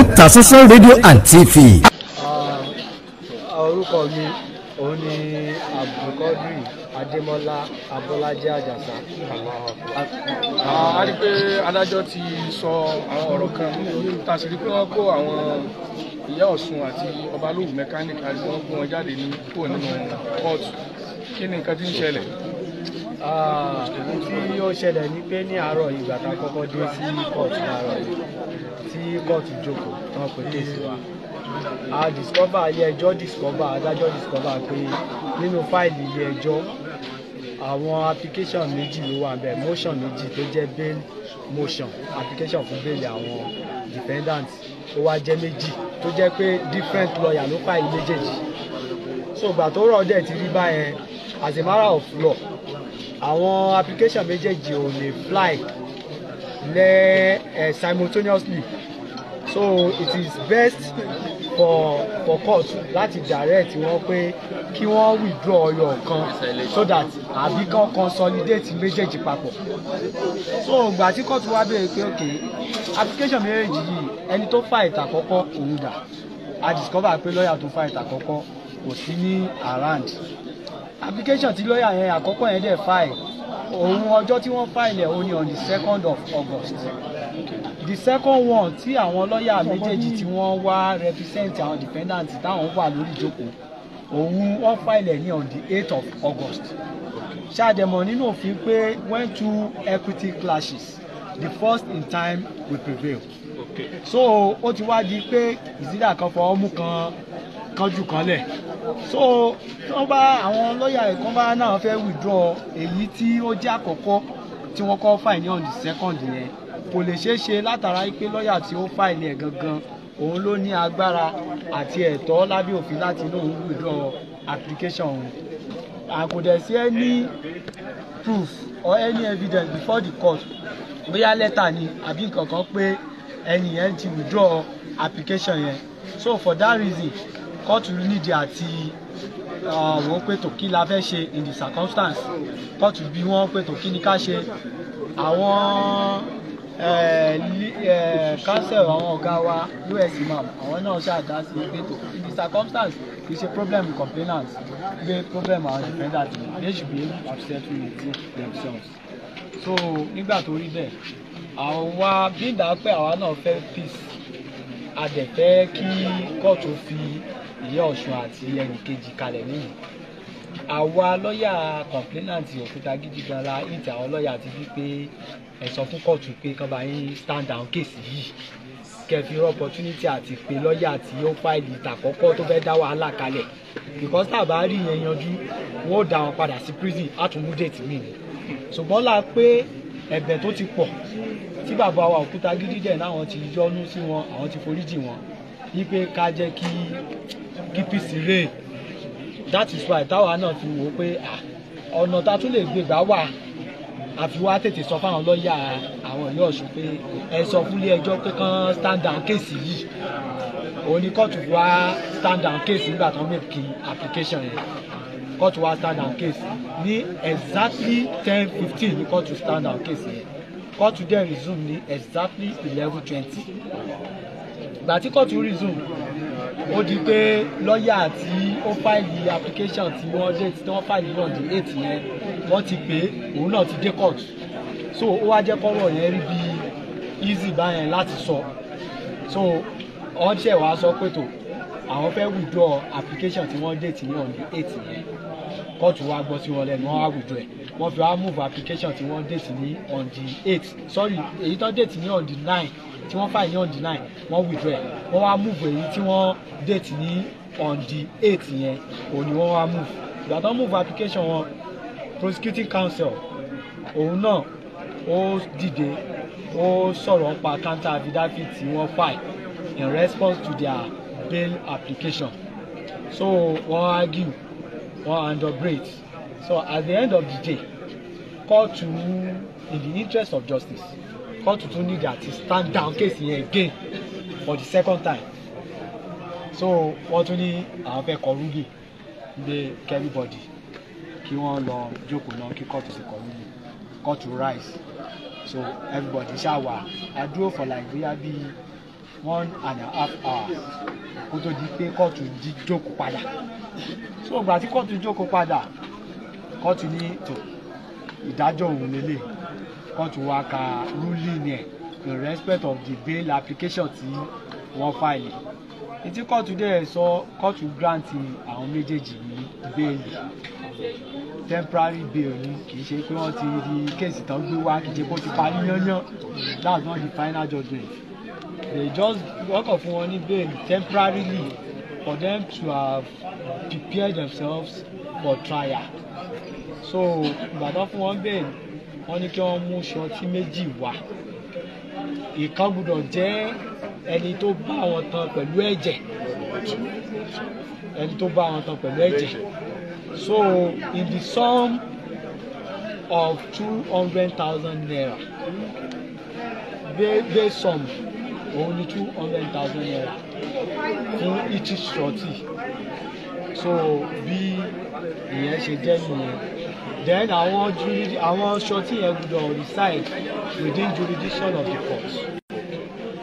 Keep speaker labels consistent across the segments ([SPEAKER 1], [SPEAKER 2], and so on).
[SPEAKER 1] Otasansan rédíò and TV. Uh, orúkọ mi òun ni abdulkadir adémọlá abọlájẹ àjàsà. a rí ti sọ àwọn ọ̀rọ̀ kan tàṣírí pé wọ́n kó àwọn ìyá ọ̀ṣun àti ọbalóhùn mẹkáníkì àti wọ́n gbé jáde ní kúrò nínú kóòtù kí ni nǹkan tí ń ṣẹlẹ̀ ohun tí ó ṣẹlẹ̀ ni pé ní àárọ̀ ìgbà tá a kọ́kọ́ dé sí kóòtù àárọ̀ yìí tí kóòtù jókòó tán pé kéèsì wa a discover ilé ẹjọ́ discover adájọ́ discover pé nínú fáìlì ilé ẹjọ́ àwọn application méjì ló wà bẹ́ẹ̀ motion méjì tó jẹ́ bail motion application fún bail àwọn defendant ó wá jẹ́ méjì tó jẹ́ pé different lawyer ló fáìlì méjèèjì so gbà tó rọ̀ dẹ̀ ti rí báyẹn as a matter of law àwọn application méjèèjì ò lè fly lẹ ẹ eh, simultaneously so it is best for for court láti direct wọn pé kí wọ́n withdraw ọyọ kan so that àbí kan consolidate méjèèjì papọ̀ so ìgbà tí court wá béèrè pé ok application méjèèjì yìí ẹni tó fight àkọ́kọ́ òun dà I discover pé lọ́ọ̀yà tó fight àkọ́kọ́ kò sí ní around application tí lawyer yẹn àkọ́kọ́ yẹn dẹ̀ file òun ọjọ́ tí wọ́n file ẹ̀ òun ni on the second of August the second one tí àwọn lọ́ọ̀yà méjèèjì tí wọ́n wá represent àwọn defendant táwọn wà lórí ìjókòó òun wọ́n file ẹ̀ ní on the eight of August ṣàdẹ̀mọ̀ nínú òfin pé when two equity clashes the first in time will prevail so ó ti wá di pé ìsídà kan fọwọ́ mú kan kánjú kanlẹ̀ so tí wọ́n bá àwọn lọ́ọ̀yà ẹ̀kan bá náà fẹ́ withdraw èyí tí ó jẹ́ àkọ́kọ́ tí wọ́n kọ́ fáìl ní on the second yẹn kò lè ṣeé ṣe látara pé lọ́ọ̀yà tí ó fáìl ní ẹ̀ gangan òun ló ní agbára àti ẹ̀tọ́ lábẹ́ òfin láti inú òun withdraw application òun àkòdẹ̀sí any proof or any evidence before the court bóyá lẹ́tà ni àbí nǹkan kan pé ẹnìyẹn ti withdraw application yẹn so for that reason kóòtù nídìí àti uh, wọ́n pé tó kí la fẹ́ ṣe in the circumstance kóòtù bí wọ́n pé tó kí ni ká ṣe àwọn eh, eh, council àwọn ọ̀gá wa us imam àwọn náà ṣàdá sí pé tó in the circumstance kì í ṣe problem complainant gbé problem àwọn defendant they should be able to settle it themselves so nígbà tó rí bẹ́ẹ̀ àwa bí ìdá pé àwa náà fẹ́ peace a dẹ̀ fẹ́ kí kóòtù fi ìyá ọ̀ṣun àti ẹnì kejì kalẹ̀ nìyí àwa lọ́ọ̀yà kọ̀ǹplénàntì òkútagídí gan la ìtì àwọn lọ́ọ̀yà ti fi pé ẹ sọ fún kóòtù pé kán bá yín stand down kéèsì yìí kẹfì rọ opportunity àti pé lọ́ọ̀yà tí ó fáìlì ìtàkọ́kọ́ tó fẹ́ dá wàhálà kalẹ̀ because tá a bá rí yẹn yanjú wọn ó dá wọn padà sí prison àtúndéètì mi ni ṣùgbọ́n la pé ẹ̀bẹ̀ tó ti pọ̀ tí bàbá wa gidi dẹ̀ náà àwọn ti yọ́nú sí wọn àwọn ti foríjì wọn wípé ká jẹ́ kí APC rè that is why táwa náà fi wò ó pé ọ̀nà tá a tún lè gbé gbà wà àfi wá tètè sọ fáwọn lọ́ọ̀yà àwọn ìlú Ọ̀ṣun pé ẹ sọ fúnlé ẹjọ́ pé kán stand down case. yìí òun ni kóòtù wá stand down kéèsì nígbà tó ń mèkì application yẹn kóòtù wá stand down case? ní exactly ten fifteen ní kóòtù stand down case. yẹn kóòtù dẹ̀ resume ní exactly eleven twenty gbàtí kóòtù resume ó di pé lọ́ọ̀yà tí ó fáìlì application tí wọ́n dé tí wọ́n fáìlì náà di eight yẹn wọ́n ti pè é òun náà ti dé court so ó wá jẹ́ kọ́rọ̀ yẹn rí bí easy báyẹn láti sọ so wọ́n ṣẹ̀ wá sọ pé tó àwọn fẹ́ withdraw application tí wọ́n dé tí wọ́n di eight yẹn kóòtù wa gbọ́ sí wọn lẹ́nu wọn wá withdraw ẹ̀ wọ́n fi wá move application tí wọ́n dé tí ní on the eight sorry èyí tó dé tí ní on the nine tí wọ́n fàyè on the nine wọ́n withdraw wọ́n wá move èyí tí wọ́n date ní on the eight yẹn òní wọ́n wá move ìgbà tó move application wọn prosecuting counsel òun náà ó dìde ó sọ̀rọ̀ pa counter affidavit tí wọ́n file in response to their bail application so wọ́n argue wọ́n underbrate so at the end of the day court to in the interest of justice kóòtù tún need àti stand down case yẹn again for the second time so wọ́n tún ní àwọn fẹ́ kọ rúgì gbé kẹ́rìbọ̀dì kí wọ́n lọ jókòó náà kí kóòtù sì kọ rúgì kóòtù rise so everybody ṣáà wà á dúró for like bóyá bíi one and a half hour kó tó di pé kóòtù di jókòó padà so ìgbà tí kóòtù jókòó padà kóòtù ní tò ìdájọ́ òun lélẹ̀ kóòtù wa ka ruling yẹn in respect of the bail application tí wọ́n fàìlì etí kóòtù dẹ̀ sọ kóòtù grant àwọn méjèèjì ní bẹ́ẹ̀lì temporary bail ni kì í ṣe pé wọ́n ti di kéèsì tán gbé wá kì í ṣe pé ó ti parí yányán that's not the final judgment they just wọ́kọ̀ fún wọn ní bail temporarily for them to have prepared themselves for trial so ìgbà tán fún wọn bail wọ́n ní kí wọ́n mú ṣọtí méjì wá ìkan gbọ́dọ̀ jẹ́ ẹni tó bá wọn tan pẹ̀lú ẹ̀jẹ̀ ẹni tó bá wọn tan pẹ̀lú ẹ̀jẹ̀ so in the sum of two hundred thousand naira bẹ́ẹ̀ sum òun ni two hundred thousand naira fún each shorty so bí ìyẹn ṣe jẹ́ nìyẹn then àwọn juridi àwọn ṣọtí yẹn gbọ́dọ̀ reside within jurisdiction of the court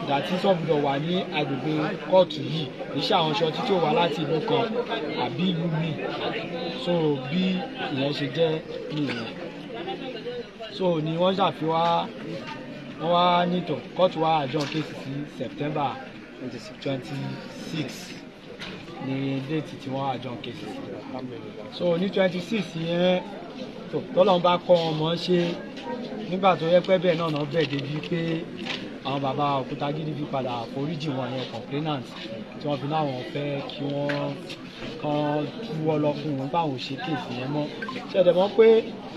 [SPEAKER 1] that is ó gbọ́dọ̀ wà ní agbègbè kóòtù yìí iṣẹ́ àwọn ṣọtí tó wà láti ìlú kan àbí ìlú míì so bí ìyẹn ṣe jẹ́ nìyẹn so ni wọ́n ṣàfi wá wọ́n wá nìtọ̀ kóòtù wá àjọ kéèsì sí September twenty six ni déètì tí wọ́n àjọ kejì so ní twenty six yẹn tó tọ́lọ́n bá kọ́ ọmọ ṣe nígbà tó yẹ pé bẹ́ẹ̀ náà náà bẹ̀ débi pé àwọn bàbá Òkútagídí fi padà foríjì wọn yẹn complainant tí wọ́n fi láwọn fẹ́ kí wọ́n kan wọ́ lọ fún wọn báwọn ṣe kéèsì yẹn mọ́ ṣẹ̀dẹ̀ mọ́ pé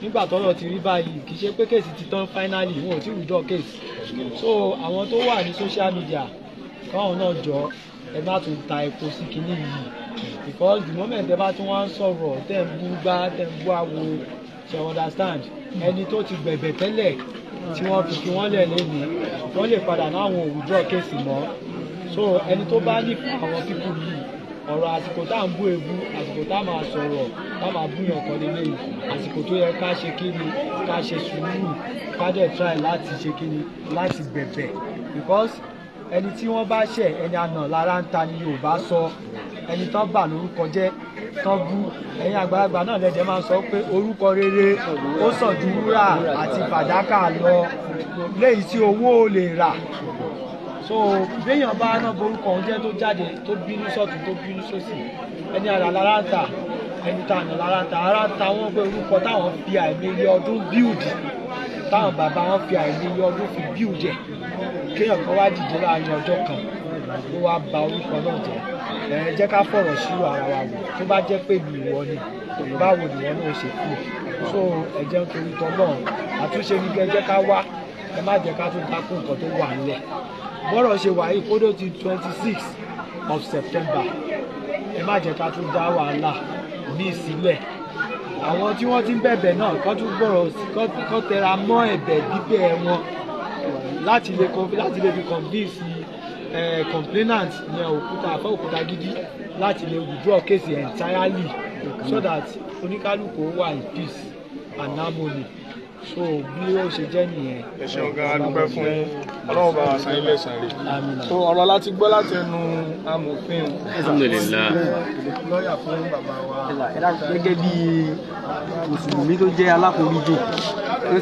[SPEAKER 1] nígbà tọ́lọ̀ ti rí báyìí kì í ṣe pé kéèsì ti tán finally wọn ò tí ì withdraw kéèsì so àwọn tó wà ní social media káwọn náà jọ ẹ má tún ta epo sí kinní yìí because the moment ẹ bá tún wá ń sọ̀rọ̀ tẹ̀ ń bú gbá tẹ̀ ń bú àwo ṣe understand ẹni tó ti gbẹ̀gbẹ̀ tẹ́lẹ̀ tí wọ́n fi kí wọ́n lẹ̀ lẹ́nu wọ́n lè padà náà àwọn òwúrọ̀ kéèsì mọ́ so ẹni tó bá nífẹ̀ẹ́ àwọn pípù yìí ọ̀rọ̀ àsìkò tá à ń bú ebu àsìkò tá a máa sọ̀rọ̀ tá a máa búyàn kan nílé yìí àsìkò tó yẹ ká ṣe kí ni ká ṣe sùúrù ká dẹ̀ try láti ṣe kí ni láti bẹ̀bẹ̀ because ẹni tí wọ́n bá ṣẹ̀ ẹni àná lára ń ta ni Yorùbá sọ ẹni tán bà lórúkọ jẹ́ tán bú ẹ̀yin àgbàlagbà náà lẹ́jẹ̀ máa ń sọ pé orúkọ rere ó sàn ju wúrà àti fàdákà lọ léyìí tí owó ò lè rà so béèyàn bá ná borúkọ òun jẹ́ tó jáde tó bínú sọ́tún tó bínú sósì ẹni àrà lára ń ta ẹni tànà lára ń ta ara ń ta wọ́n pé orúkọ táwọn fi àìmọye ọdún bíùdì táwọn bàbá wọn fi àìníye ọdún fi bí òjẹ kéèyàn kan wá dìde láàrin ọjọ́ kan ó wá ba orúkọ náà jẹ́ ẹ jẹ́ ká fọ̀rọ̀ sí ara wa wò tó bá jẹ́ pé mi ìwọ ni báwo ni ìwọ náà ṣe kú so ẹ jẹ́ nítorí tọ́ náà àtúnṣe ní kẹ́ ká wá ẹ má jẹ́ ká tún dákún nǹkan tó wà nílẹ̀ bọ́rọ̀ ṣe wà yìí kódó ti twenty six of September ẹ má jẹ́ ká tún dá wàhálà ní ìsílẹ̀ àwọn tí wọ́n ti ń bẹ̀bẹ̀ náà kọ́ tún gbọ́rọ̀ kọ́ tẹra mọ́ ẹ̀bẹ̀ bíbẹ̀ wọn láti lè láti lè fi convince eh, complainant ìyẹn òkúta àfẹ́ òkúta gidi láti lè withdraw case entirely so that oníkálukú wà in peace and harmony so bí ó ṣe jẹ́ nìyẹn. ẹ ṣeun gan adúpẹ́ fún yín ọlọ́run bá wa san ilé san rè so ọ̀rọ̀ láti gbọ́ láti ẹnu amòfin lọ́ọ̀yà fún bàbá wa. gẹ́gẹ́ bí mùsùlùmí tó jẹ́ aláforíjì tó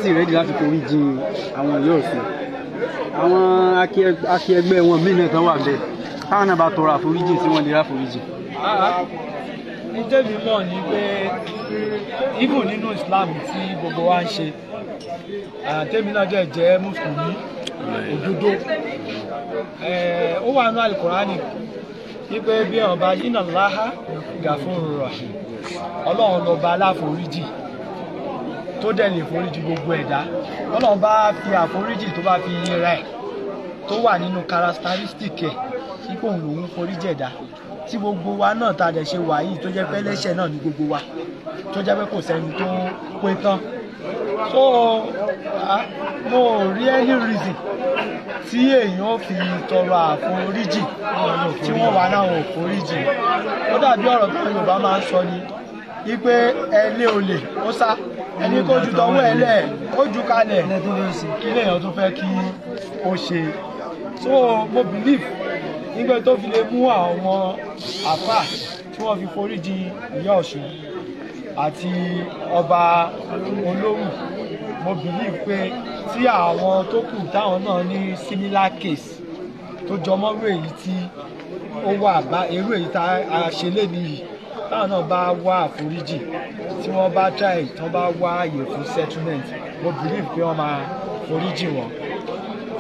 [SPEAKER 1] sì rẹ́dí láti foríjì àwọn ìyá òsìn àwọn akẹgbẹ́ wọn míì náà tán wà bẹ́ẹ̀ táwọn náà bá tọrọ àforíjì tí wọ́n lè rà foríjì ní tẹ́mi mọ̀ ni pé even nínú Islam tí gbogbo wa ń ṣe àtẹ́mi ah, náà jẹ́ jẹ́ mùsùlùmí òdodo eh, ó wà nínú alukurani wípé bí ọba iná láhá gàfúrú rọ̀ṣì ọlọ́run lọ́ba aláforíjì tó dẹ̀ lè foríjì gbogbo ẹ̀dá ọlọ́run bá fi àforíjì tó bá fi yẹra ẹ̀ tó wà nínú characteristic ẹ̀ ipò òun foríjì ẹ̀dá tí gbogbo wa náà ta dẹ̀ ṣe wà yìí tó jẹ́ pé ẹlẹ́ṣẹ̀ náà ní gbogbo wa tó jẹ́ pé kò sẹ́ni tó pé tán so ah, mo ò rí any reason tí èèyàn fi tọrọ àforíjì tí wọ́n wà náà ò foríjì ó dàbí ọ̀rọ̀ tí Yorùbá máa ń sọ ni wípé ẹlé olè ó sá ẹni kó ju tọwọ́ ẹ lẹ̀ ó ju kalẹ̀ kí lèèyàn tó fẹ́ kí ó ṣe so mo believe nígbà tó fi lè mú àwọn àfà tí wọ́n fi foríjì ìyá Ọ̀ṣun àti ọba olóhùn mo believe pé tí àwọn tó kù táwọn náà ní similar case tó jọmọ́rú èyí tí ó wà bá irú èyí tá a ṣe lé nìyí táwọn náà bá wá àforíjì tí wọ́n bá try tán bá wá àyè fún settlement mo believe pé wọ́n máa foríjì wọn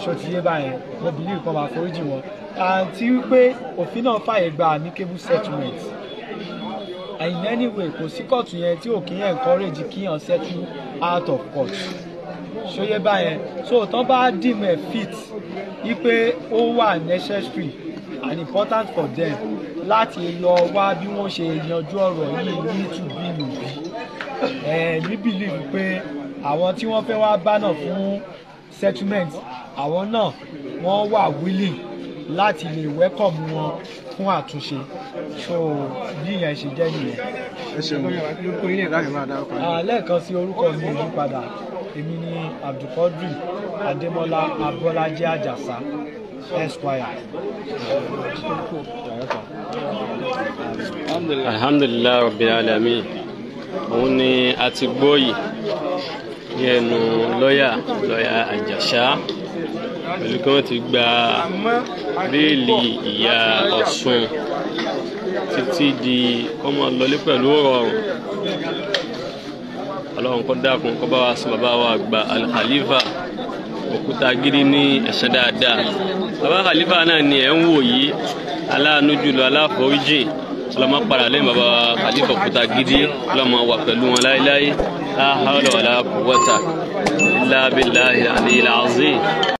[SPEAKER 1] ṣó ti yé báyẹn mo believe pé wọ́n máa foríjì wọn àti wípé òfin náà fàyè gba amicable settlement in any way kò sí kóòtù yẹn tí ò kí ń encourage kíyàn settle out of court ṣóyé báyẹn so tán bá dìmọ̀ ẹ̀ fit wípé ó wà necessary and important for them láti lọ wá bí wọ́n ṣe yanjú ọ̀rọ̀ yìí ní tùbí nùbí ẹ̀ ní believe pé àwọn tí wọ́n fẹ́ wá bánà fún settlement àwọn náà wọ́n wà willing láti lè welcome wọn fún àtúnṣe so bí ìyẹn ṣe jẹ́ nìyẹn. ẹ ṣeun lóko ilé ìlànà máa dá ọkọ yìí. Ah, lẹ́ẹ̀kan sí orúkọ mi ò yí padà èmi ni abdulkadir adémọlá abọ́lájẹ́ àjàsá esquire. alhamdulilayi rabbil alamin òun ni a ti gbọ́ yìí ní ẹnu lọ́ọ̀yà lọ́ọ̀yà àjàsá pẹ̀lú kí wọ́n ti gba béèlì ìyá Ọ̀ṣun títí di ọmọ lọlé pẹ̀lú rọrùn ọlọ́run kó dákun kó bá wa sọ bàbá wa gba Al-Khalifa òkúta gidi ní ẹ̀sẹ̀ dáadáa bàbá Khalifa náà ni ẹ̀ ń wò yìí aláàánú jùlọ aláforíjì ọlọ́mọ padà lẹ́yìn bàbá Khalifa òkúta gidi ọlọ́mọ wà pẹ̀lú wọn láéláé la hawla wala quwwata illa